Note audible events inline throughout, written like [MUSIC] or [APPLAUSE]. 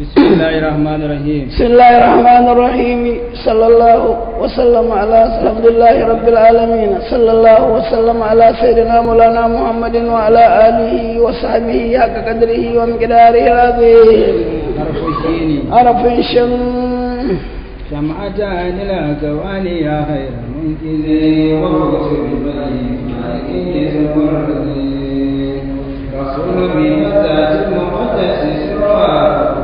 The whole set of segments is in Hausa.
بسم الله الرحمن الرحيم بسم الله الرحمن الرحيم صلى الله وسلم على عبد الله رب العالمين صلى الله وسلم على سيدنا مولانا محمد وعلى آله وصحبه حق قدره ومقداره العظيم عرف شم سمعت عن الأكوان يا خير منكزي وغسل بني مالكي رسول بمزاج المقدس سواه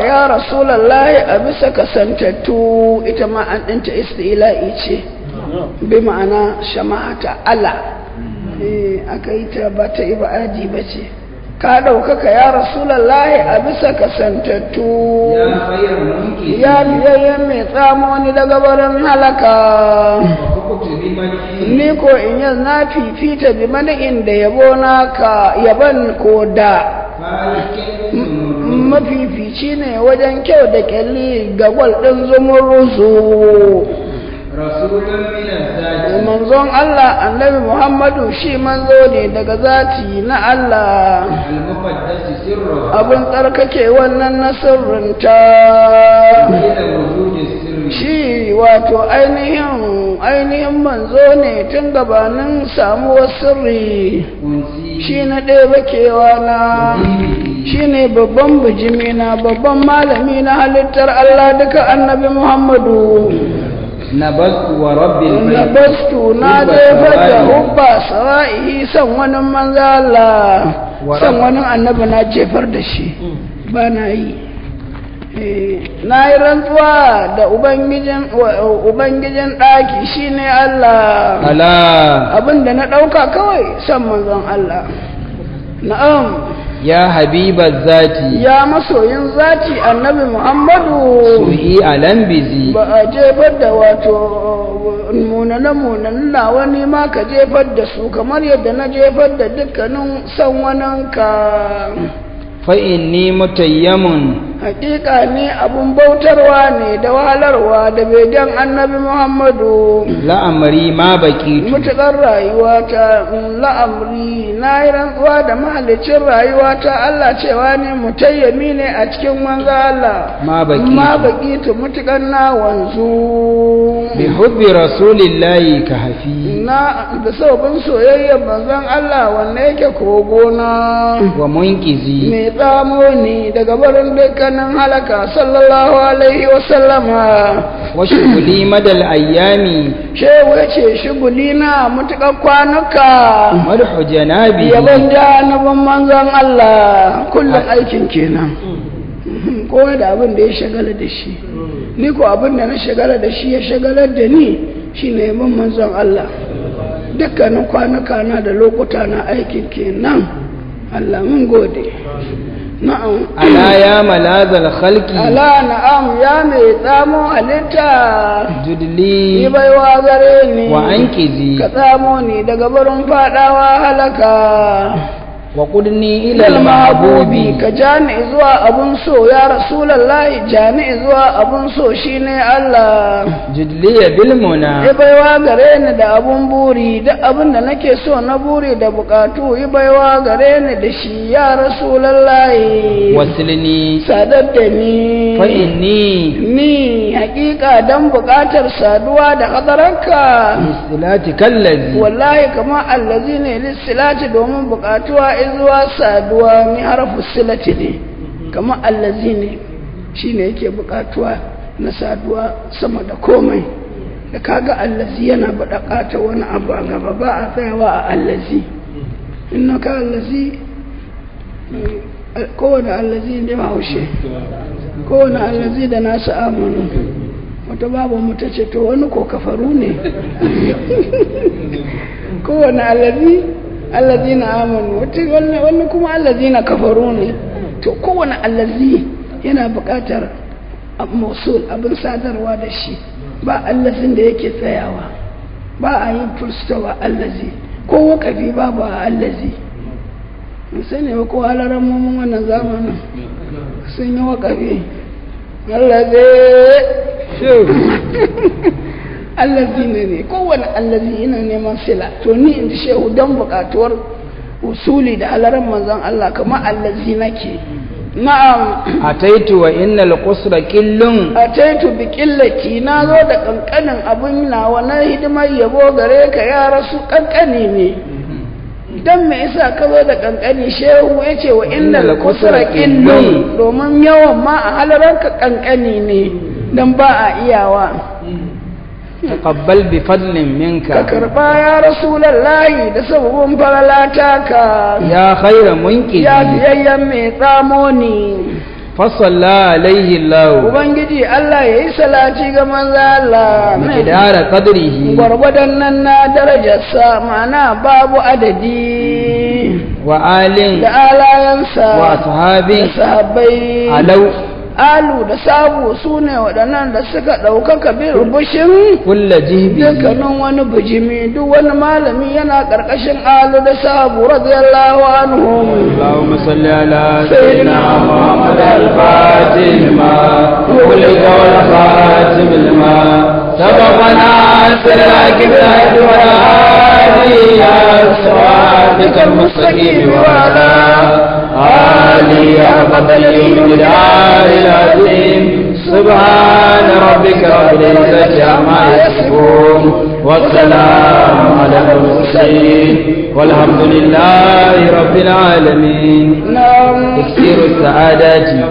ya rasulallahi a bisa kasantattu ita ma an ɗinta istila'i ce bi ma'ana shama'ata ala eh, aka yi ta ba ta ibadi ba ce ka ɗaukaka ya rasulallahi a bisa kasantattu ya biyayyen mai tsamoni daga barin halaka ni ko in yanzu na fifita bi mana da yabo na ka yaban ko da mafifici ne wajen kyau da kyalli ga gwal ɗin zumurusu manzon Allah annabi Muhammadu shi manzo ne daga zati na Allah abin tsarkake wannan na sirrinta shi wato ainihin ainihin manzo ne tun gabanin samuwar sirri shi na ɗaya bakewa na shi ne babban bijimi na babban malami na halittar Allah duka annabi Muhammadu nabastu wa rabbi nabastu na jefar da hubba sawa'i san wani manzo Allah san wani annabi na jefar da shi ba na yi na yi rantsuwa da ubangijin ɗaki shi ne Allah abinda na ɗauka kawai san manzon Allah na'am ya habiba zati ya masoyin zati annabi muhammadu suhi a lambizi ba a jefar da wato munana munana wani ma ka jefar da su kamar yadda na jefar da dukkanin san ka fa'in ni mutayyamun hakika ni abun bautarwa ne da wahalarwa da begen annabi muhammadu la'amari ma baki Mutuƙar rayuwa ta la'amari na yi rantsuwa da mahalicin rayuwa ta allah cewa ne mutayyami ne a cikin wanzu allah ma baki tu mutuƙar na wanzu bi hubbi rasulillahi ka hafi na da sabon soyayyar manzon allah wanne yake kogona wa munkizi mai tsamo ni daga barin dukkan nan halaka sallallahu alaihi wasallama wa shuguli madal ayyami shehu ya ce shuguli na mutukan kwanuka marhu janabi yaban janabin manzon Allah kullum aikin kenan kowa da abin da ya shagala da shi ni ko abin da na shagala da shi ya shagala da ni shi ne yaban manzon Allah dukkanin kwanuka na da lokuta na aikin kenan Allah mun gode ala ya malazal khalqi ala na'am ya mai tsamo halitta judli ni baiwa gare ni wa ankizi ka tsamo ni daga barin fadawa halaka wa kudni ilal mahbubi ka jami'i zuwa abun so ya rasulullahi jami'i zuwa abun so shine Allah jidliya muna ya baiwa gare ni da abun buri da abun da nake so na buri da bukatu ya baiwa gare ni da shi ya rasulullahi wasilni sadar da ni fa inni ni hakika dan bukatar saduwa da hadaranka lissilati kallazi wallahi kama allazi ne lissilati domin bukatuwa ai zuwa saduwa ni harafu silati ne kama allazi ne shi ne yake bukatuwa na saduwa sama da komai da kaga allazi yana baɗaƙata wani abu a gaba ba a tsayawa a allazi inna ka allazi eh, kowane allazi ne haushe kowane allazi da nasu amonu wata babu mu ta ce to wani ko kafaru ne [LAUGHS] kowane allazi allazina amanu wani kuma allazina kafaru ne to kowane allazi yana buƙatar mosul abin sadarwa da shi ba allazin da yake tsayawa ba a yin fulstawa allazi ko wakafi ba ba allazi sani ba ko halarar mummun wannan zamanin sun yi wakafi allazi allazina ne kowane allazi yana neman sila to ni in ji shehu don buƙatuwar usuli da halaran manzon Allah kamar allazi nake na'am ataitu wa innal qusra qillun ataitu bi qillati na zo da kankanin abun nawa na hidimar yabo gare ka ya rasu kankani ne dan me yasa ka zo da kankani shehu yace wa innal qusra qillun domin yawan ma a halaran ka kankani ne dan ba a iyawa taqabbal bi fadlin minka ka karba ya rasulullahi da sabon falalata ya khaira munki ya biyayyan mai tsamoni fasalla alaihi Allah ubangiji Allah ya yi salati ga manzo Allah mai dara qadrihi gwargwadon nan na darajarsa ma'ana babu adadi wa da alayansa wa ashabin sahabbai alau alu da sabu su ne waɗannan da suka ɗaukaka bi rubushin kulla jibi dukkanin wani bijimi duk wani malami yana ƙarƙashin alu da sabu radiyallahu anhu Allahumma salli ala sayyidina Muhammad al-Fatih ma kulli qawl fatim ma sai sirrak bi wa hadiya sawatikal mustaqim wa عالي قبل الجلال العظيم سبحان ربك رب العزة عما يصفون والسلام على المرسلين والحمد لله رب العالمين نعم تكسير السعادة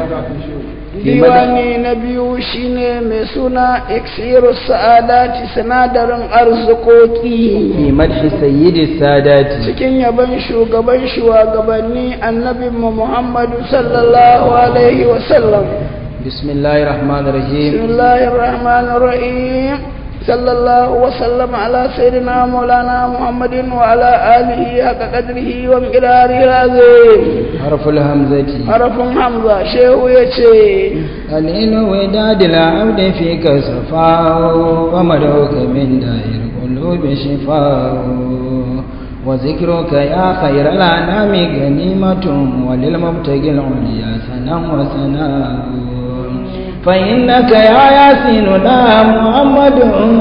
ديواني نبي وشين مسونا اكسير السعادة سنادر ارزقوكي مدح سيد السادات سكين يبنشو قبنشو وقبني النبي محمد صلى الله عليه وسلم بسم الله الرحمن الرحيم بسم الله الرحمن الرحيم صلى الله وسلم على سيدنا مولانا محمد وعلى آله حق قدره ومقداره العظيم حرف الهمزة حرف الهمزة شيخ يتي العين وداد العود فيك صفاء ومدعوك من دائر القلوب شفاء وذكرك يا خير الأنام غنيمة وللمبتغي العليا سنا وسنا فإنك يا ياسين لا محمد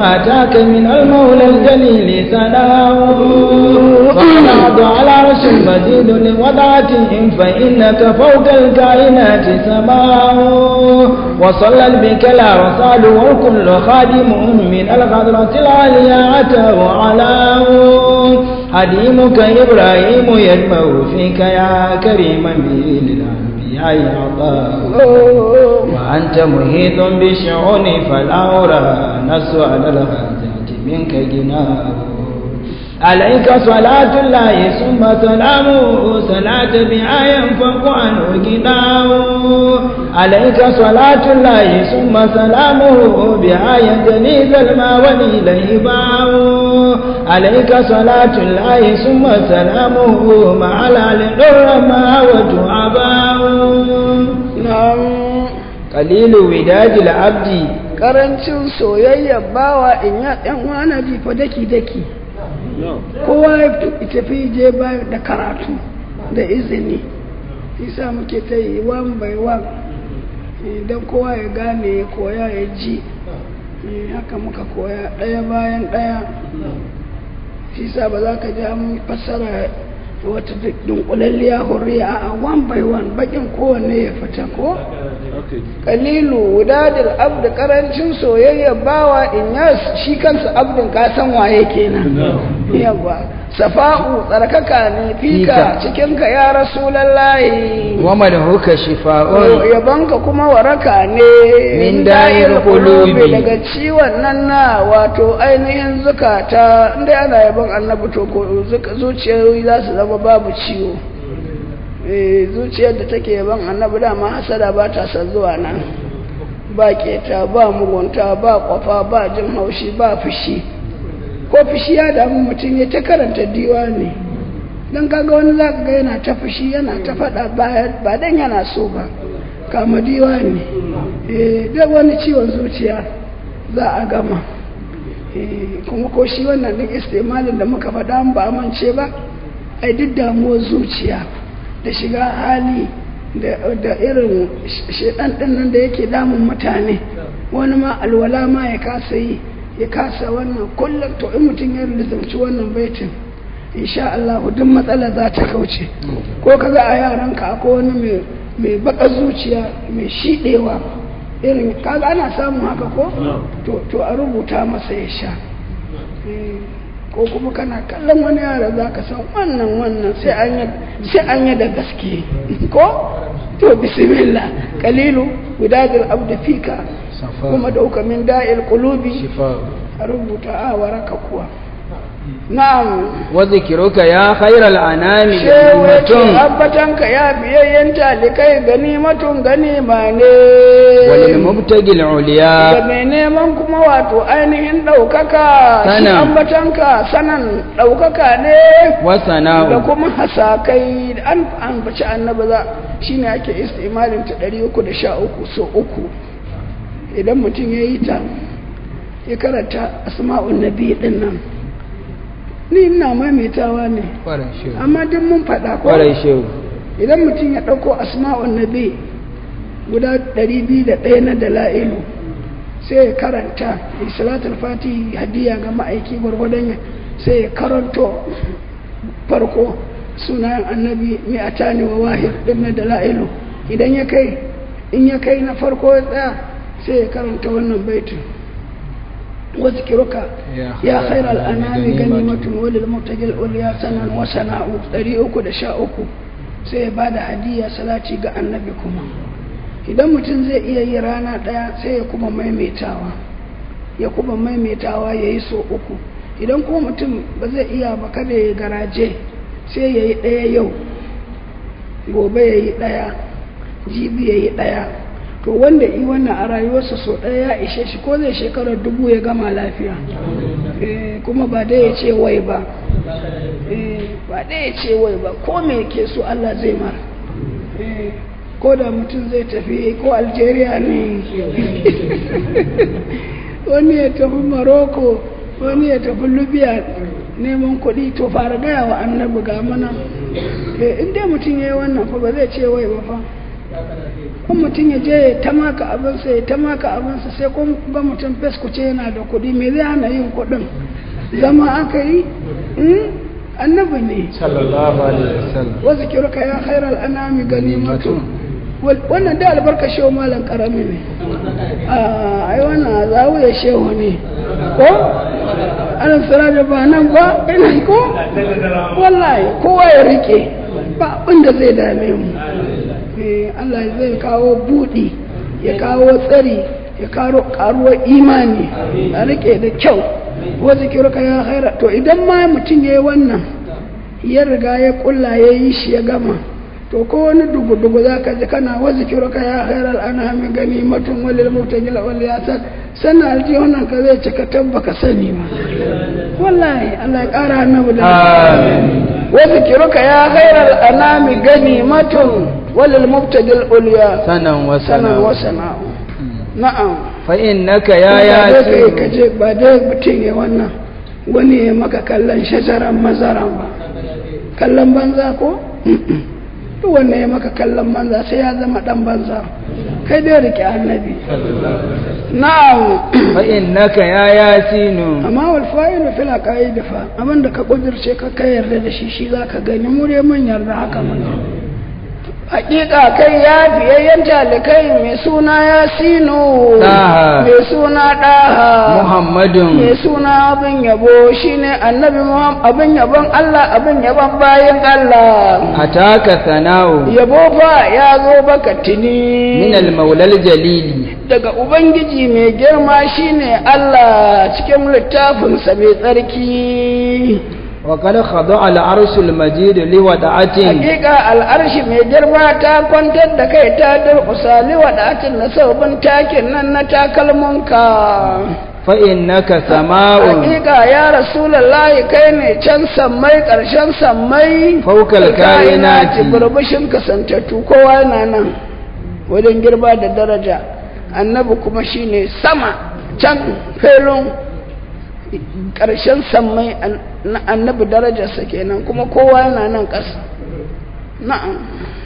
أتاك من المولى الجليل سلام وقد على عرش مزيد لوضعتهم فإنك فوق الكائنات سماء وصلى بك لا وصال وكل خادم من الغدرة العالية أتاه على حديمك إبراهيم يدمع فيك يا كريم به للعالمين العطاء وأنت محيط بشعوني نسوى نسأل الحاجات منك جناب عليك صلاة الله ثم سلامه صلاة بها ينفق عنه غناه عليك صلاة الله ثم سلامه بها يجني ظلما وإليه باعه عليك صلاة الله ثم سلامه مع العلم رما وتعباه نعم قليل وداد العبد قرنت سويا bawa in ya ɗan wana jifa daki-daki kowa ya tafi je ba da karatu da izini isa muke ta yi wan bai wan idan kowa ya gane ya koya ya ji haka muka koya ɗaya bayan ɗaya isa ba za ka ja mun fassara wata dunkulalliya hurriya a one by one bakin kowanne ya fita ko kalilu wudadil abdu karancin soyayya bawa in yas shi kansa abdin kasan waye kenan yawa safa'u tsarkaka ne fika cikinka ya rasulallahi wa madhuka shifa'un yabanka kuma waraka ne min da'ir qulubi daga ciwon nan na wato ainihin zukata inda ana yaban annabi to ko zuciyoyi za su zama babu ciwo eh zuciyar da take yaban annabi dama hasada ba ta san zuwa nan ba keta ba mugunta ba kwafa ba jin haushi ba fushi ko fushi ya damu mutum ya ta karanta diwa ne don kaga wani za ga yana ta fushi yana ta faɗa ba dan yana so ba kama diwani eh, duk wani ciwon zuciya za a gama eh, kuma ko shi wannan duk istimalin da muka faɗa ba amince ba ai duk damuwar zuciya da shiga hali da irin shaɗan nan da yake damun mutane wani ma alwala ma ya kasa yi ya kasa wannan kullum to in mutum ya rizalci wannan baitin insha Allah duk matsala za ta kauce ko ka ga a yaranka ko wani mai baka zuciya mai shiɗewa irin kaga ana samun haka ko to a rubuta masa ya sha eh, ko kuma kana kallon wani yara za ka san wannan wannan sai an yi da gaske [LAUGHS] ko to bismillah kalilu abu da fika kuma dauka min da'il qulubi a rubuta a waraka kuwa na'am wa zikruka ya khairal anami abbatan ka ya biyayyen talikai gani ganima ne walil mubtagil uliya ga mai neman kuma wato ainihin daukaka shi ka sanan daukaka ne wa sana'u da kuma hasakai an ambaci annaba za shine ake istimalin ta 313 so uku idan mutum ya yi ta ya karanta asma'un biyu din nan ni ina mamitawa ne amma duk mun faɗa shehu idan mutum ya ɗauko asma'un nabi guda ɗari biyu da ɗaya na dala'ilu sai ya karanta salatul fati hadiya ga ma'aiki gwargwadon sai ya karanto farko sunayen annabi mai a tani wa wahir ɗin na dala'ilu idan ya kai in ya kai na farko ya tsaya sai ya karanta wannan baitin ya gani واذكرك يا ya الأنام غنيمة وللمتجل ɗari uku da sha uku sai ya ba da hadiya salati ga annabi kuma idan mutum zai iya yi rana ɗaya sai ya kuma maimaitawa ya kuma maimaitawa ya yi so uku idan kuma mutum ba zai iya ba kada ya garaje sai ya yi ɗaya yau gobe ya yi ɗaya jibi ya yi ɗaya to wanda yi wannan a rayuwarsa so ɗaya ya ishe shi ko zai shekarar dubu ya gama lafiya eh, kuma ba dai ya ce wai ba eh, ba dai ya ce wai ba ko me ke so Allah zai mara eh, ko da mutum zai tafi ko algeria ne [LAUGHS] wani ya tafi morocco wani ya tafi libya neman kuɗi to fara gaya wa annabi ga mana in dai mutum ya yi wannan fa ba zai ce wai ba fa kun mutum ya je ta maka abinsa ya ta maka abinsa sai kun ga mutum feskuce yana da kuɗi me zai hana yin kuɗin zama aka yi hmm? annabi ne Wasu alaihi wasallam ya khairal anami ganimatu wannan da albarka shehu malam karami ne ai wannan ya shehu ne ko ana sura da ba nan ba ina ko wallahi kowa ya rike ba abin da zai dame mu Eh, Allah zai kawo buɗi ya kawo tsari ya karo karuwar imani a rike da kyau wa zikirka ya haira to idan ma mutum ya yi wannan ya riga ya kulla ya yi shi ya gama to ko wani dugu-dugu za ka ji kana wa zikirka ya haira al'anami gani matun walil mutan gila wal yasar sannan aljihunan ka zai cika tabba ka sani ma wallahi Allah ya kara annabi da wa zikirka ya haira al'anami gani matun walil mubtadil ulya sanan wa sanan wa sana'u na'am fa innaka ya ya ce ka je ba dai mutum ya wannan ya maka kallon shajaran mazaran ba kallon banza ko duk ya maka kallon banza sai ya zama dan banza kai dai rike annabi na'am fa innaka ya yasinu amma wal fa'ilu fil aqaid fa abinda ka kudirce ka kai yarda da shi shi zaka gani mu dai mun yarda haka mun hakika kai ya fiyayyen talikai mai suna ya sino, mai suna Ɗaha. Muhammadun, mai suna abin yabo shi ne annabi muhammad abin yabon allah abin yabon bayan allah A taka sana'u yabo fa ya zo baka tuni min maulal jalili daga ubangiji mai girma shi ne allah cikin littafinsa mai tsarki وقد خضع العرش المجيد لودعة حقيقة العرش مجرما تا كنت دكي تا درقصا لودعة نصوب تاكن نتاك المنكا فإنك سماء حقيقة يا رسول الله كيني كان سمي قرشان سمي فوق الكائنات بربشن كسنتتو كوانا نم ودن جربا درجة annabi kuma shine sama can felon ƙarshen sammai annabi darajarsa kenan kuma kowa yana nan ƙasa na'am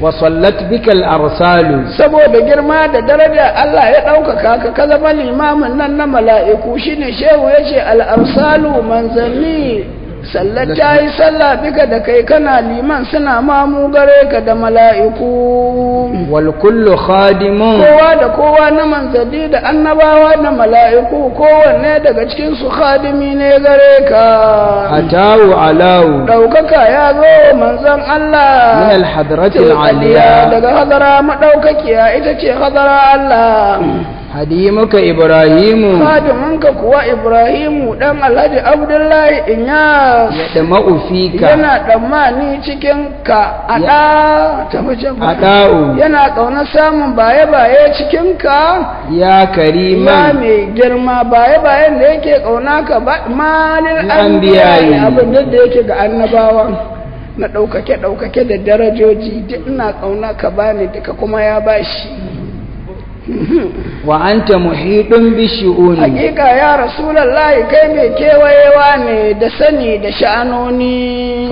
wa sallat bikal arsalu saboda girma da daraja Allah ya ɗauka ka ka zama limamin nan na mala'iku shine shehu yace al arsalu manzanni sallar ta yi sallah bika da kai kana liman suna mamu gare ka da mala'iku wal kullu khadimun kowa da kowa na manzadi da annabawa da mala'iku kowanne daga cikin su khadimi ne gare ka atawu alawu daukaka ya zo manzon Allah min al hadratil aliya daga hadara madaukakiya ita ce hadara Allah hadimuka ibrahimu hadimunka kuwa ibrahimu dan alhaji abdullahi in ya da ma'ufika yana tsammani cikin ka ada ta yana kauna samun baye baye cikin ka ya karima ya mai girma baye da yake kauna ka ba malil anbiya'i abin da yake ga annabawa na ɗaukake ɗaukake da darajoji duk ina kauna ka bani duka kuma ya bashi wa anta muhidun bi shu'uni hakika ya rasulullahi kai mai kewayewa ne da sani da sha'anoni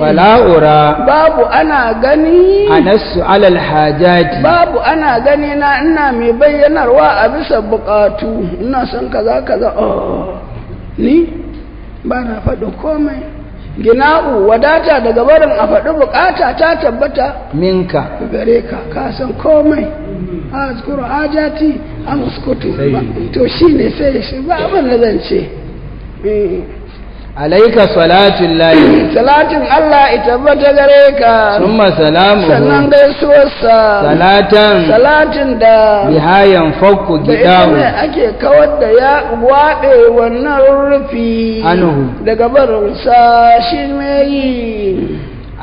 fala ura babu ana gani anasu alal hajati babu ana gani na ina mai bayyanarwa a bisa bukatu ina son kaza kaza oh, ni ba na faɗin komai gina'u wadata daga barin a faɗi bukata ta tabbata minka gare ka ka san komai a zukuru ajati a muskutu to shi ne sai shi ba abin da zan eh. alaika salatin layi salatin Allah ita bata gare ka summa salamu sannan gaisuwarsa salatan salatin da bihayan fakku gidahu da ita ake kawar da ya waɗe wannan rufi daga barinsa shi mai yi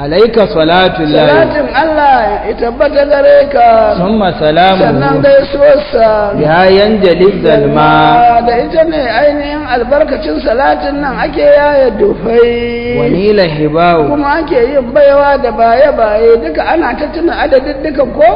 alaika salatun layi salatun Allah ya tabbata gare ka sun masalamu sannan gaisuwarsa ya yan jalib zalma da ita ne ainihin albarkacin salatin nan ake yaya dufai wanila hibawu kuma ake yin baiwa da baye-baye duka ana ta tuna adadin duka ko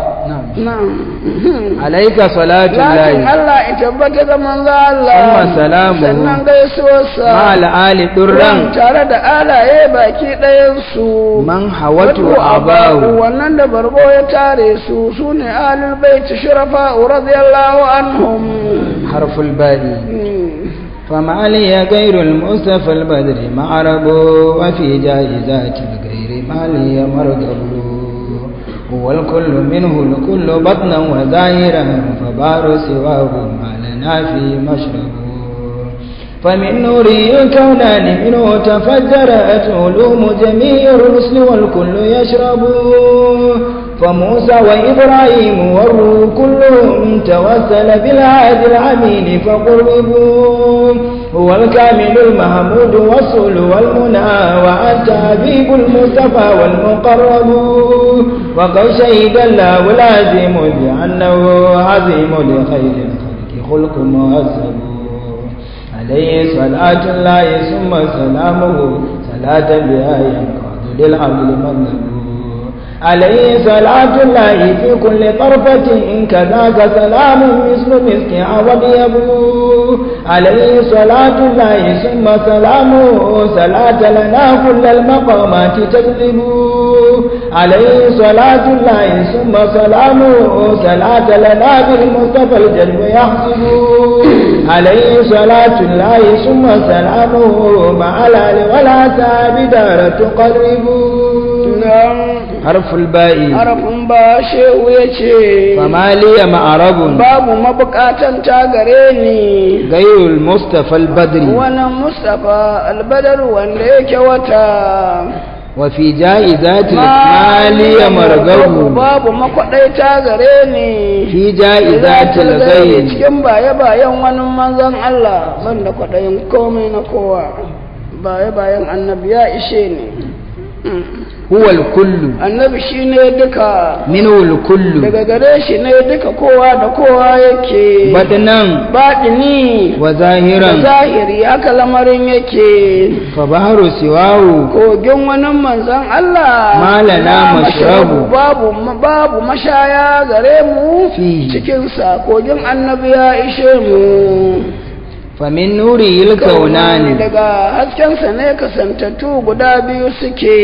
[LAUGHS] alaika salatu lahi Allah in tabbata da manzo Allah amma salamu sannan gaisuwarsa ma al'ali durran tare da alaye baki ɗayan su man hawatu abahu wannan da barbo ya tare su sune ne alul bait shurafa radiyallahu anhum harful bani غير المصطفى البدر وفي جائزات الغير لي هو الكل منه الكل بطنا وزاهرا فبار سواه ما لنا في مشرب فمن نوري الكونان منه تفجرت علوم جميع الرسل والكل يشرب فموسى وإبراهيم وروا كلهم توسل بالعهد العميل فقربوا هو الكامل المحمود والصول والمنى وأنت حبيب المصطفى والمقرب وقد شهد الله العظيم بأنه عظيم لخير الخلق خلق مهذب عليه صلاة الله ثم سلامه صلاة بها ينقاد للعبد المذنب عليه صلاة الله في كل طرفة إن كذاك سلام مثل مسك عربي عليه صلاة الله ثم سلامه صلاة لنا كل المقامات تسلم عليه صلاة الله ثم سلامه صلاة لنا بالمصطفى الجنب يحسب عليه صلاة الله ثم سلامه مع الآل ولا تابدار تقرب harful ba'i harfun ba shehu ya ce famaliya ma'arabun babu mabukatan ta gare ni gairul mustafa albadri wannan mustafa albadar wanda yake wata wafi ja'izati maliya margabu babu makwaɗaita gare ni fi ja'izati lagayi cikin baye bayan wani manzon Allah ban kwaɗayin komai na kowa baye bayan annabi ya ishe ni hmm. huwal kullu annabi shi ne duka minul kullu daga gare shi ne duka kowa da kowa yake badanan badini wa zahiran zahiri haka lamarin yake fa baharu siwawu kogin wani manzon Allah malana mashrabu babu babu mashaya gare mu cikin sa kogin annabi ya ishe mu famin nuri yilkauna ne daga haskensa ne kasantattu guda biyu suke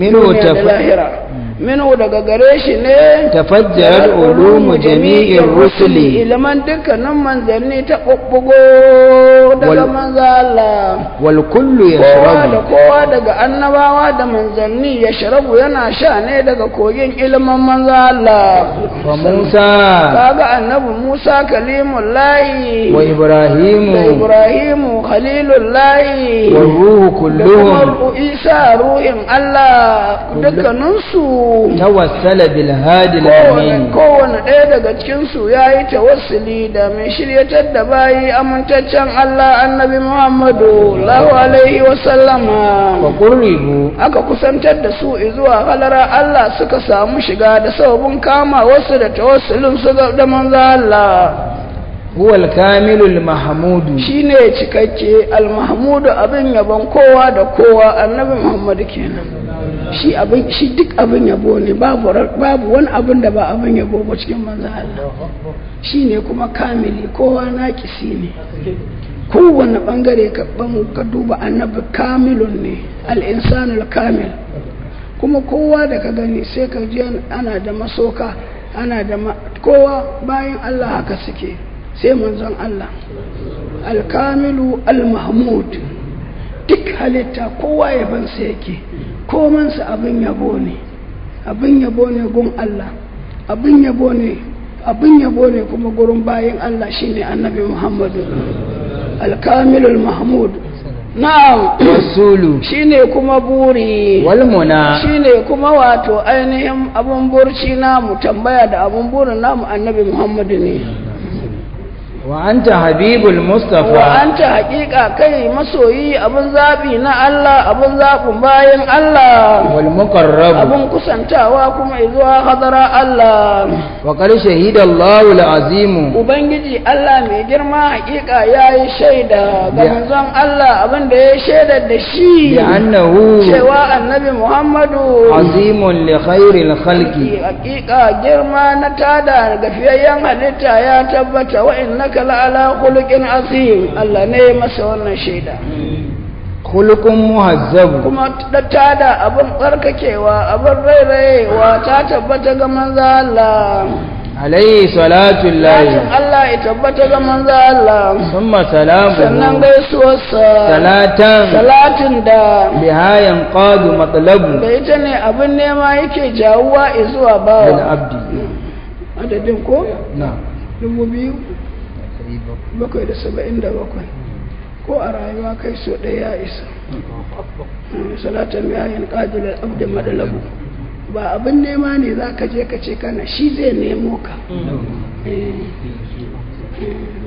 minu ta lahira minu daga gare shi ne tafajjarar ulumu jami'in rusuli ilman dukkanin manzanni ta daga manzala wal kullu ya sharabu da kowa daga annabawa da manzanni ya sharabu yana sha ne daga kogin ilman manzala wa musa kaga annabi musa kalimul layi wa ibrahimu da ibrahimu khalilul layi wa ruhu kulluhum isa ruhin allah dukkaninsu tawassala bil hadi al-amin kowane ɗaya daga cikin su yayi tawassuli da mai shiryatar da bayi amintaccen Allah annabi Muhammadu sallallahu alaihi wa sallama wa aka kusantar da su zuwa halara Allah suka samu shiga da sababin kama wasu da tawassulin su da manzo Allah huwa al-kamilu al-mahmud shine cikakke al abin yabon kowa da kowa annabi Muhammadu kenan shi abin shi duk abin yabo ne babu babu wani abin da ba abin yabo ba cikin manzo Allah shi ne kuma kamili kowa naƙisi ne kowane bangare ka ka duba annabi kamilun ne al-insanul kamil kuma kowa da ka gani sai ka ji ana da masoka ana da kowa bayan Allah haka suke sai manzon Allah al-kamilu al-mahmud duk halitta kowa ya sai yake komansa abin yabo ne abin yabo ne gun Allah abin yabo ne abin yabo ne kuma gurin bayan Allah shine annabi Muhammadu alkamilul mahmud na'am rasulu shine kuma buri walmuna shine kuma wato ainihin abun burci namu tambaya da abun burin namu annabi Muhammadu ne wa anta habibul mustafa kai masoyi abun zabi na Allah abun zabin bayan Allah wal muqarrab abun kusantawa kuma zuwa hadara Allah wa qad shahida ubangiji Allah mai girma haqiqa yayi shaida ga manzon Allah abin da ya shaida da shi ya annahu annabi Muhammadu azimun li khairil khalqi haqiqa girma na tada ga fiyayyen halitta ya tabbata wa innaka innaka la'ala khuluqin azim Allah ne masa wannan shaida khuluqun muhazzab kuma da tada abin tsarkakewa abin rairayewa ta tabbata ga manzo Allah alayhi salatu lillahi Allah ya tabbata ga manzo Allah summa salamu sannan gaisuwarsa salatan salatin da biha qadu matlabu da ita ne abin nema yake jawuwa zuwa bawa abdi adadin ko na dubu biyu bakwai da saba'in da bakwai ko a rayuwa kai so ɗaya ya isa salatan yayin ƙajin abdin madalabu ba abin nema ne za ka je ka ce kana shi zai nemo ka eh,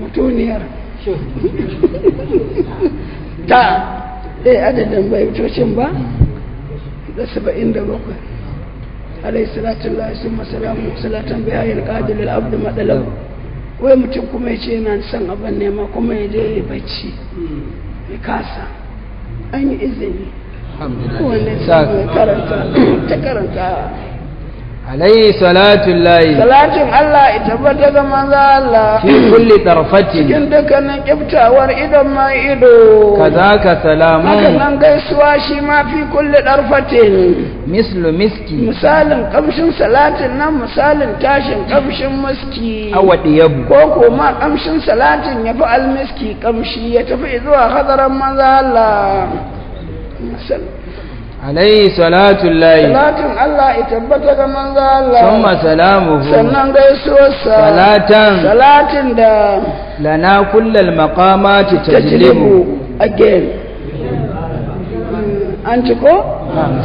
mutuniyar [LAUGHS] ta ɗaya eh, adadin baitocin ba da saba'in da bakwai alaihi salatu lalai sun masalamu salatan bayan ƙajin abda madalabu wai mutum kuma ya ce yana son abin nema kuma ya je ya bacci hmm. ya kasa an yi izini kowane karanta ta karanta alaihi salatun layi salatin Allah ita bata ga manzo Allah fi kulli tarfati cikin dukkanin kiftawar idon ma ido kazaka salamun haka nan gaisuwa shi ma fi kulli tarfatin mislu miski misalin kamshin salatin nan misalin tashin kamshin miski awadi yabu ko ko kamshin salatin ya fi almiski kamshi ya tafi zuwa Allah Alayhi salatu layi salatin Allah ya tabbata ga manzo Allah summa salamuhu sannan gaisuwarsa salatan salatin da lana kullal maqamati tajlibu again an ci ko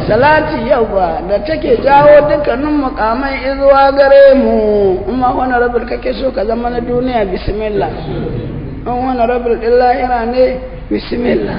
salati yawa da take jawo dukkanin mukamai izuwa gare mu in ma wani rabin kake so ka zama na duniya bismillah in wani rabin din lahira ne bismillah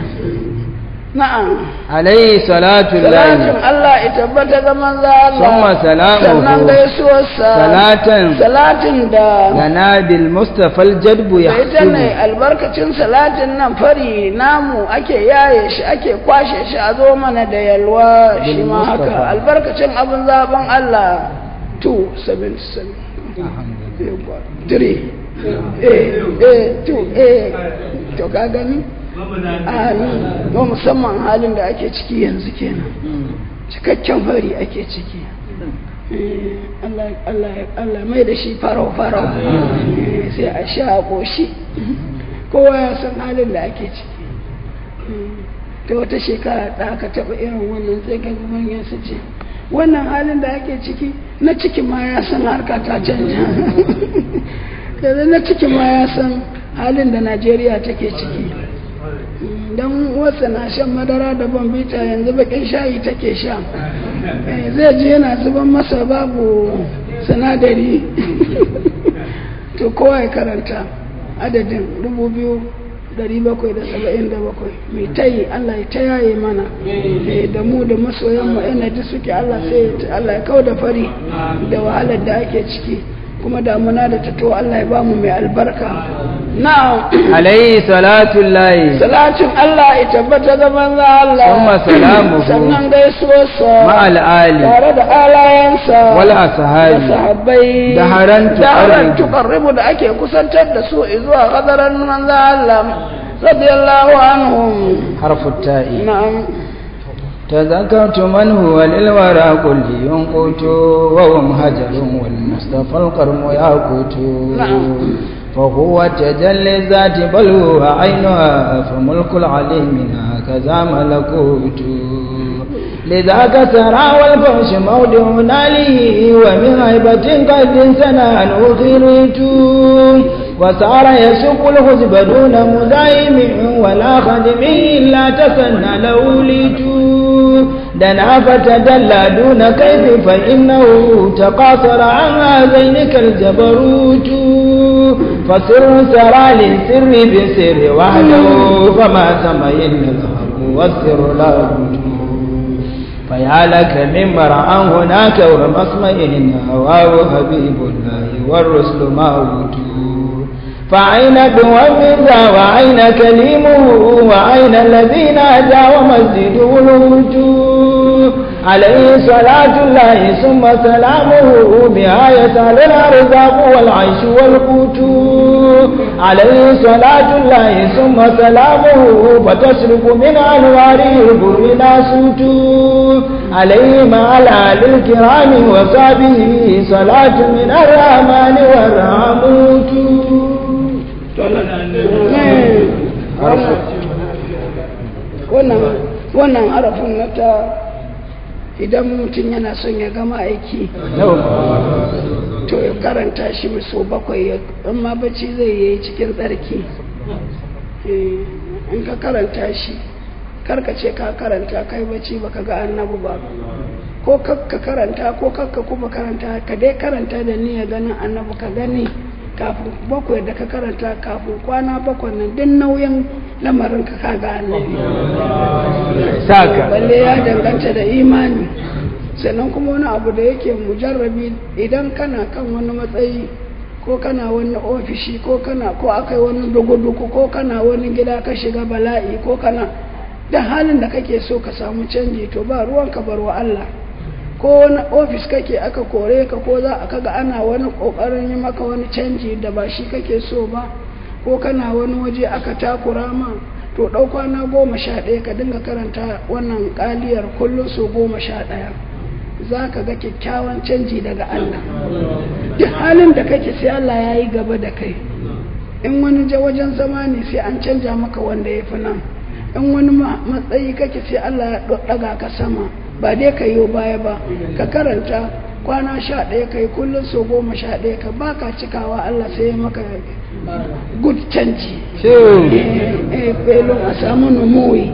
na'am alayhi salatu lillahi salatun Allah ya tabbata ga manzo Allah summa salamu sannan gaisuwarsa salatan salatin da lana bil mustafa al ya ita ne albarkacin salatin nan fari namu ake yaye shi ake kwashe shi a zo mana da yalwa shi ma haka albarkacin abin zaben Allah 277 3 eh eh eh amin don musamman halin da ake ciki yanzu kenan cikakken fari ake ciki eh, Allah mai da shi farau-farau eh, sai a sha ƙoshi kowa ya san halin da ake ciki eh, ta wata shekara da aka taɓa irin wannan sai ga manyan su ce wannan halin da ake ciki na ciki ma ya san harka ta canja [LAUGHS] na ciki ma ya san halin da najeriya take ciki don wasa na shan madara da bambita yanzu bakin shayi take sha eh, zai ji yana zuban masa babu sinadari [LAUGHS] to kowa ya karanta adadin dubu biyu 777 mai tayi Allah ya yi mana eh, da mu da masoyanmu yana ji suke Allah sai Allah ya kau da fari da wahalar da ake ciki kuma damuna da ta Allah ya mu mai albarka na'am [CLEARS THROAT] alayhi salatu llahi salatin Allah ya tabbata da manzo Allah kuma salamu [CLEARS THROAT] sannan ma al ali tare da alayansa wal ashabi sahabbai da haran tuqarribu da ake kusantar da su zuwa hadaran manzo harfu ta'i na'am تذكرت من هو للورى قل لي ينقوت وهم هجر والمصطفى القرم ياقوت فهو تجلي ذات بل هو عينها فملك العليم هكذا ملكوت لذاك سرى والفرش موضع عليه ومن هيبة قد سنان أخريت وصار يشق الخزب دون مزايم ولا خدم إلا تسنى لوليت دنا فتدلى دون كيف فإنه تقاصر عن هذين كالجبروت فسر سرى للسر بسر وحده فما تمين الهم والسر له فيا لك من مرعى هناك ومصمئن هواه حبيب الله والرسل ما فعين وفزا وعين كليمه وعين الذين أتى ومسجده الوجود عليه صلاة الله ثم سلامه بها يسأل الأرزاق والعيش والقوت عليه صلاة الله ثم سلامه فتشرب من أنواره البر سوت عليه مع الآل الكرام وصابه صلاة من الرحمن والرحموت wannan arafin na ta idan mutum yana son ya gama aiki to ya karanta shi so bakwai ya Amma bacci zai yi cikin tsarki eh, in ka karanta shi ce ka karanta kai bacci baka ga annabu ba ko ka karanta ko ka kuma karanta ka dai karanta da niyya ganin annabu ka gani kafin bakwai da ka karanta kafin kwana bakwai nan don nauyin lamarin ka ka gane balle ya danganta da imani sannan kuma wani abu da yake mujarrabi idan kana kan wani matsayi ko kana wani ofishi ko kana ko akai wani dugu-dugu ko kana wani gida ka shiga bala'i ko kana da halin da kake so ka samu canji to ba ruwan ka wa Allah ko wani ofis kake aka kore ka ko za a kaga ana wani kokarin yi maka wani canji da ba shi kake so ba ko kana wani waje aka takura ma to ɗau kwana goma sha ɗaya ka dinga karanta wannan kaliyar kullum so goma sha ɗaya za ka ga kyakkyawan canji daga Allah duk halin da kake sai Allah ya yi gaba da kai in wani wajen zama ne sai an canja maka wanda ya fi nan in wani matsayi kake sai Allah ya ɗaga ka sama ba dai ka yi baya ba ka karanta kwana sha ɗaya ka yi kullum so goma sha ɗaya ka ba ka cikawa Allah sai ya maka good canji felon eh, eh, a samu numuwi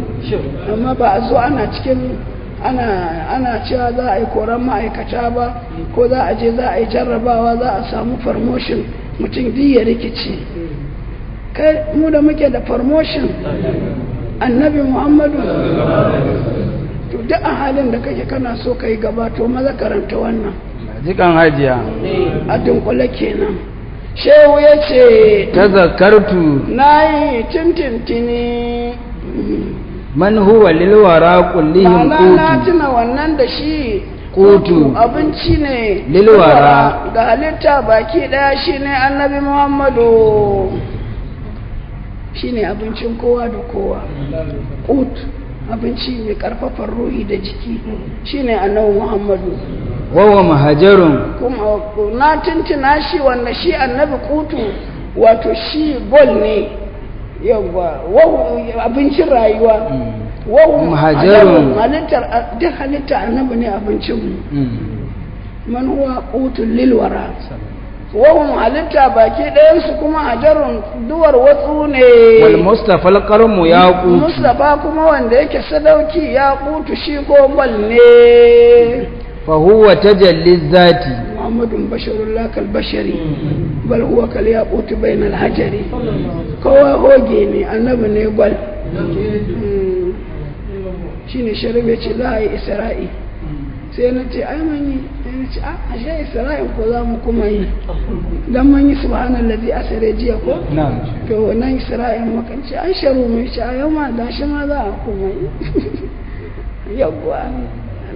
amma ba a zo ana cikin ana cewa za a yi koran ma'aikata ba ko za a je za a yi jarrabawa za a samu promotion mutum ya rikici kai mu da muke da promotion annabi muhammadu to duk a halin da kake kana so ka yi gaba to maza karanta wannan jikan hajiya a dunkule kenan shehu ya ce ta zakartu na yi tintintini man huwa lilwara kullihim kutu na tuna wannan da shi kutu abinci ne lilwara ga halitta baki daya shine annabi muhammadu Shi ne abincin kowa da kowa kutu abinci mai karfafan ruhi da jiki shine annabi muhammadu wawa mahajarun kuma na tuntuna shi wanda shi annabi kutu wato shi bol ne yawwa abincin rayuwa mm. wawa mahajarun halittar duk halitta annabi ne abincinmu mm. man huwa kutun lilwara wahum halitta baki ɗayansu kuma a jarun duwar watsu ne wal mustafa alqarmu ya qutu mustafa kuma wanda yake sadauki ya qutu shi gogol ne fa ta tajalli zati muhammadun basharullah kal bashari bal huwa kal yaqut bayna al hajari kowa hoge ne annabi ne gwal hmm. shine sharif ya ce za a yi isra'i sai na ce ai mun yi sai na ce a ah, ashe ko za mu kuma yi dan mun yi subhanallazi asare jiya ko to nan isra'il mukan ce an sharu mun ce a yau ma da shi ma za a kuma yi [LAUGHS] yawwa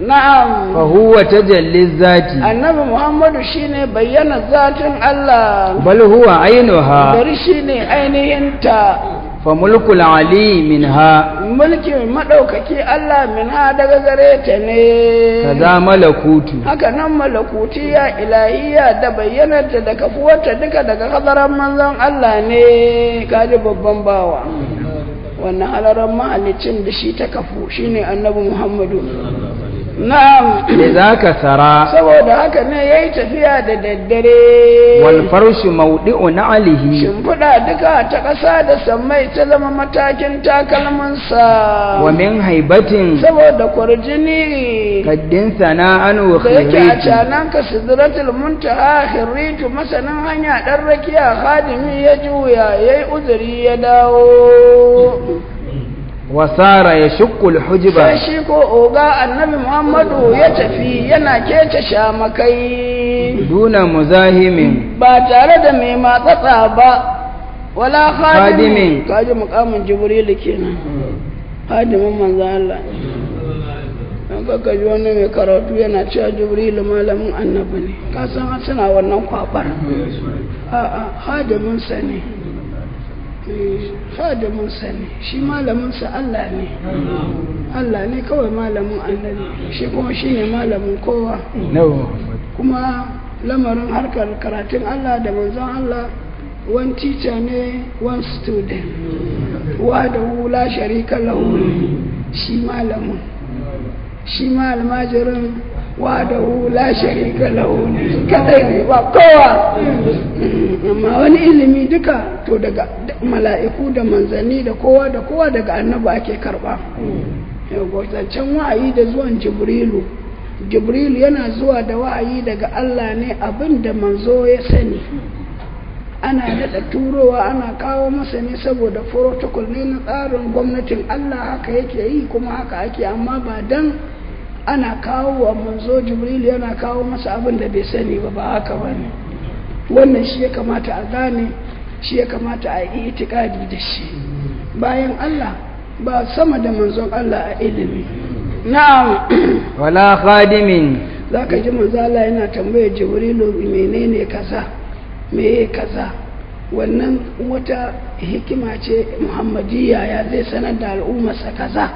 na'am fa huwa tajalli zati annabi muhammadu shine bayyana zatin Allah bal huwa ainuha bari shine ainihin ta fa mulkul ali minha mulkin maɗaukaki Allah minha daga gare ta ne kaza malakutu haka nan malakuti ya ilahiya da bayyanarta da kafuwarta duka daga hazaran manzon Allah ne Kadi babban bawa wannan halaran mahalicin da shi ta kafu shine annabi Muhammadu na'am me zaka sara saboda haka ne yayi tafiya da daddare wal farshu na na'alihi shimfiɗa duka ta ƙasa da sammai ta zama matakin takalmansa wa min haibatin saboda kurjini kaddin sana'an wa khirij yake a canan ka sidratul a khirij masanin hanya ɗan rakiya hadimi ya juya yayi uzuri ya dawo wasara ya shukul hujiba sai shi ko oga annabi muhammadu ya tafi yana kece makai. duna muzahimin ba tare da mai matsatsa ba wala khadimin kaji mukamin jibril kenan khadimin manzo Allah don kaka ji wani mai karatu yana cewa jibril malamin annabi ne ka san suna wannan kwabar a'a hadimin sa ne khadiminsa ne shi malaminsa Allah ne Allah ne kawai malamin annabi shi kuma shi ne malamin kowa kuma lamarin harkar karatun Allah da manzon Allah one teacher ne one student da hula sharika lahu shi malamin shi ma almajirin wadahu la sharika lahu kadai ne ba kowa amma wani ilimi duka to daga mala'iku da manzanni da kowa da kowa daga annabi ake karba zancen wa'ayi da zuwan jibrilu jibrilu yana zuwa da wa'ayi daga allah ne abin da manzo ya sani ana daɗa turowa ana kawo masa ne saboda protocol ne na tsarin gwamnatin allah haka yake yi kuma haka ake amma ba dan ana kawo wa manzo jibrilu yana kawo masa abin da bai sani ba ba haka ba ne wannan shi ya kamata a gane shi ya kamata a yi itikadi da shi bayan Allah ba sama da manzon Allah a ilimi na'am [CLEARS THROAT] wala khadimin zaka ji manzo Allah yana tambaya Jibrilu menene kaza me kaza wannan wata hikima ce Muhammadiyya ya zai sanar da al'ummarsa kaza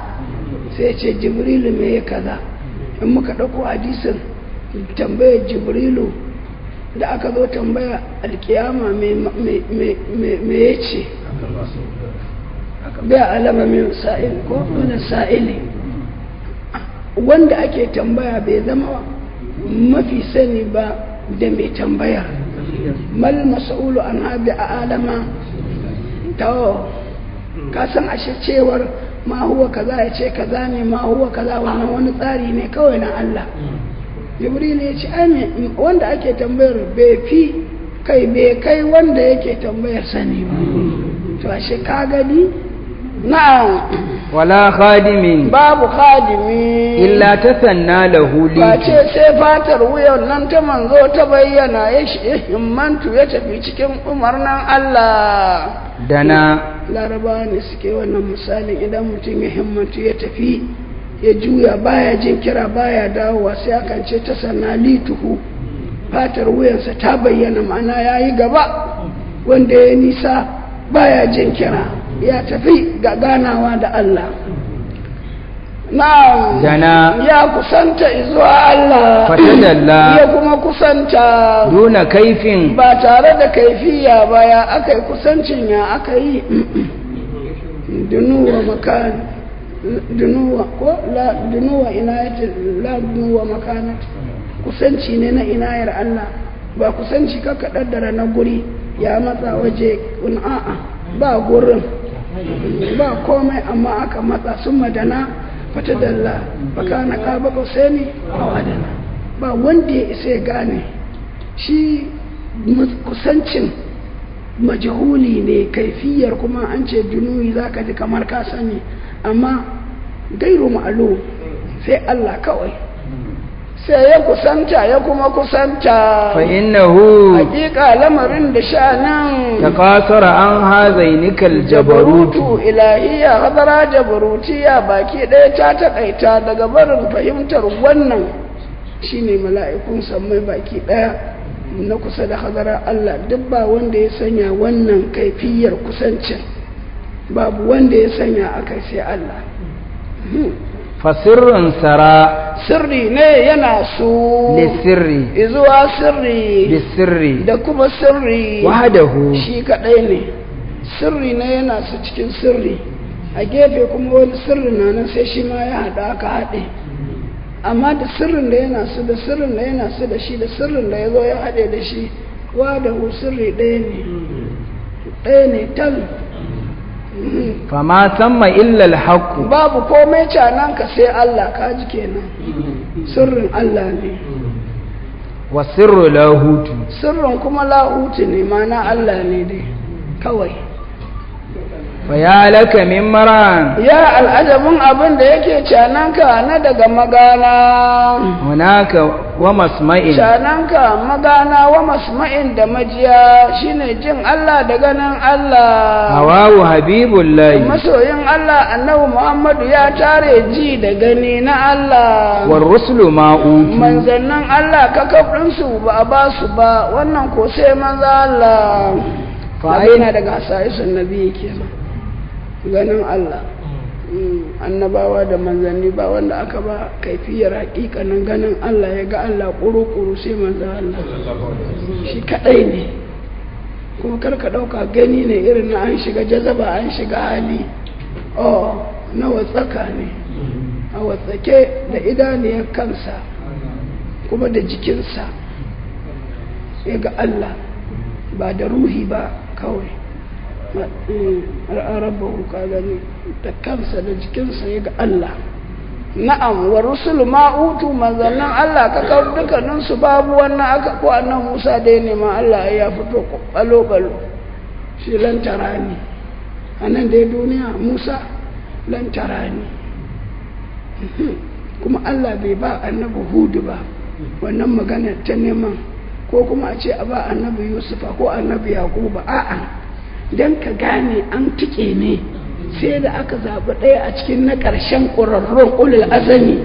sai ce Jibrilu me kaza in muka ɗauko hadisin tambayar Jibrilu da aka zo tambaya alkiyama me ya ce bai alama min sa'il ko min sa'ili wanda ake tambaya bai zama mafi sani ba da mai tambaya mal mas'ulu an habi a alama ta ka san ashe cewar ma huwa kaza ya ce kaza ne ma huwa kaza wannan wani tsari ne kawai na Allah jibril ya ce wanda ake tambayar bai fi kai bai kai wanda yake tambayar sani ba to a she, ka gani na'am wala khadimin babu khadimi illa tasanna lahu li ba ce sai fatar wuyan nan ta manzo ta bayyana ya himmantu ya tafi cikin umarnan Allah dana laraba ne suke wannan misalin idan mutum ya himmantu ya tafi ya juya baya jin kira baya dawowa sai akan ce ta lituhu fatar wuyansa ta bayyana ma'ana ya yi gaba wanda ya nisa baya jin kira ya tafi ga ganawa da Allah na ya kusanta izuwa Allah ya kuma kusanta duna kaifin ba tare da kaifiya ba ya aka yi kusancin ya aka [CLEARS THROAT] dunu wa makani dunuwa ko la dunuwa yace la dunuwa makanat kusanci ne na inayar Allah ba kusanci ka kaddara na guri ya matsa waje kun a'a ba gurin ba komai amma aka matsa sun madana fata dalla baka na ka ba kusaini wadana ba wanda ya isa gane shi kusancin majahuli ne kaifiyar kuma an ce dunuyi zaka ji kamar ka sani amma gairu ma'alu sai Allah kawai sai ya kusanta ya kuma kusanta fa innahu hakika lamarin da sha nan. ta kasara an hazainikal jabarutu ilahiya hadara jabarutiya baki ɗaya ta takaita daga barin fahimtar wannan shine mala'ikun mai baki ɗaya. na kusa da hadara Allah duk ba wanda ya sanya wannan kaifiyar kusancin babu wanda ya sanya aka sai Allah hmm. fasirrin sara sirri ne yana su ne sirri izuwa sirri da sirri da kuma sirri wahadahu shi kadai ne sirri ne yana su cikin sirri a gefe kuma wani sirri na nan sai shi ma ya haɗu aka haɗe amma da sirrin da yana su da sirrin da yana su da shi da sirrin da ya zo ya haɗe da shi wahadahu sirri ɗaya ne ɗaya ne tal fama tamma illal haqqu babu komai canan ka sai Allah ka ji kenan sirrin Allah ne wa sirru lahutu sirrin kuma lahutu ne mana Allah ne dai kawai fa ya laka min maran ya al'ajabun abin da yake canan ka na daga magana hunaka wa masma'in sanan ka magana wa masma'in da majiya shine jin Allah da ganin Allah hawawu habibullahi masoyin Allah annabi Muhammadu ya tare ji da gani na Allah war rusulu ma'u manzannan Allah ka kafin su ba a ba su ba wannan ko sai manzo Allah fa daga sai sunnabi kenan ganin Allah Mm, annabawa da manzanni ba wanda aka ba kaifiyar hakikanin ganin Allah ya ga Allah kuru-kuru sai manza Allah shi kadai ne kuma karka ɗauka gani ne irin na an shiga jazaba an shiga hali o oh, na watsaka ne a watsake da idaniyar kansa kuma da jikinsa ya ga Allah ba da ruhi ba kawai rabbahu kaga da kansa da jikinsa ya ga Allah na'am wa rusul ma utu manzannin Allah ka kawo dukkanin su babu wannan aka ko annan Musa dai ne ma Allah ya fito balo balo shi lantara ne anan dai duniya Musa lantara ne kuma Allah bai ba annabi Hudu ba wannan magana ta neman ko kuma a ce a ba annabi Yusufa ko annabi Yakuba a'a don ka gane an tuke ne sai da aka zaɓi ɗaya a cikin na ƙarshen ƙwararrun ulul azami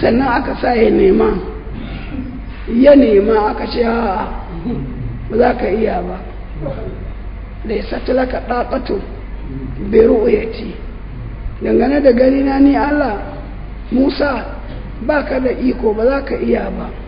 sannan aka sa ya nema ya nema aka ce ba za ka iya ba da ya satulaka ɗaɓato beru ya ce dangane da gani na ni allah musa ba ka da iko ba za ka iya ba